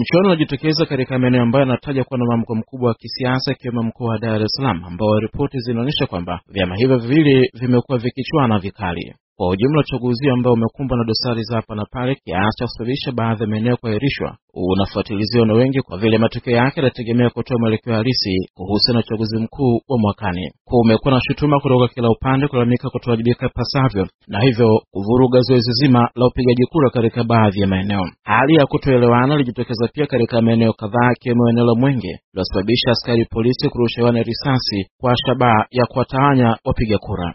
Mchuano unajitokeza katika maeneo ambayo yanataja kuwa na mwamko mkubwa wa kisiasa ikiwemo mkoa wa Dar es Salaam ambao ripoti zinaonyesha kwamba vyama hivyo viwili vimekuwa vikichuana vikali. Kwa ujumla, uchaguzi ambao umekumbwa na dosari za hapa na pale kiasi cha kusababisha baadhi ya maeneo kuahirishwa unafuatiliziwa na wengi kwa vile matokeo yake yanategemea kutoa mwelekeo halisi kuhusiana na uchaguzi mkuu wa mwakani. Kumekuwa na shutuma kutoka kila upande kulalamika kutowajibika ipasavyo na hivyo kuvuruga zoezi zima la upigaji kura katika baadhi ya maeneo. Hali ya kutoelewana ilijitokeza pia katika maeneo kadhaa, ikiwemo eneo la Mwenge lilosababisha askari polisi kurushewana risasi kwa shabaha ya kuwatawanya wapiga kura.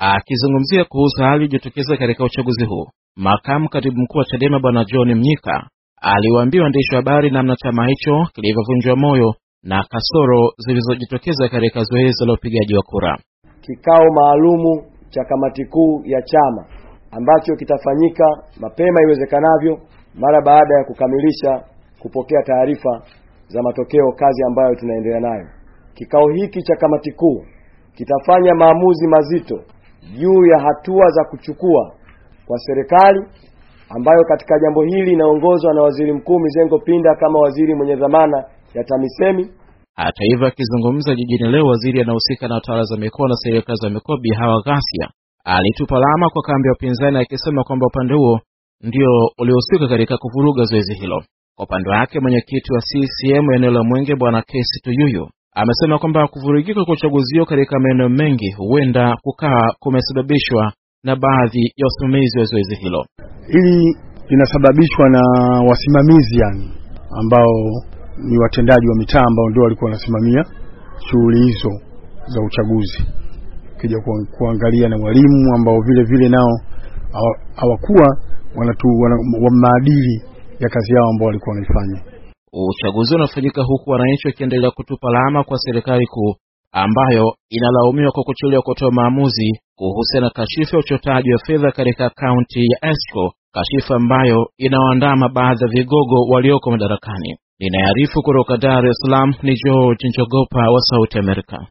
Akizungumzia kuhusu hali iliyojitokeza katika uchaguzi huu, makamu katibu mkuu wa CHADEMA Bwana John Mnyika aliwaambia waandishi wa habari namna chama hicho kilivyovunjwa moyo na kasoro zilizojitokeza katika zoezi la upigaji wa kura. Kikao maalumu cha kamati kuu ya chama ambacho kitafanyika mapema iwezekanavyo mara baada ya kukamilisha kupokea taarifa za matokeo kazi ambayo tunaendelea nayo. Kikao hiki cha kamati kuu kitafanya maamuzi mazito juu ya hatua za kuchukua kwa serikali ambayo katika jambo hili inaongozwa na Waziri Mkuu Mizengo Pinda kama waziri mwenye dhamana ya TAMISEMI. Hata hivyo, akizungumza jijini leo, waziri anahusika na utawala za mikoa na serikali za mikoa Bi Hawa Ghasia alitupa lawama kwa kambi ya upinzani akisema kwamba upande huo ndio uliohusika katika kuvuruga zoezi hilo. Kwa upande wake mwenyekiti wa CCM eneo la Mwenge Bwana Kesi Tuyuyu amesema kwamba kuvurugika kwa uchaguzi huo katika maeneo mengi huenda kukaa kumesababishwa na baadhi ya wasimamizi wa zoezi hilo. Hili linasababishwa na wasimamizi, yani ambao ni watendaji wa mitaa ambao ndio walikuwa wanasimamia shughuli hizo za uchaguzi. kija kuangalia na walimu ambao vile vile nao hawakuwa wana maadili ya kazi yao ambao walikuwa wanaifanya. Uchaguzi unafanyika huku wananchi wakiendelea kutupa lawama kwa serikali kuu ambayo inalaumiwa kwa kuchelewa kutoa maamuzi kuhusiana na kashifa ya uchotaji wa fedha katika kaunti ya Esco, kashifa ambayo inawaandama baadhi ya vigogo walioko madarakani. Ninaarifu kutoka Dar es Salaam ni George Njogopa wa Sauti Amerika.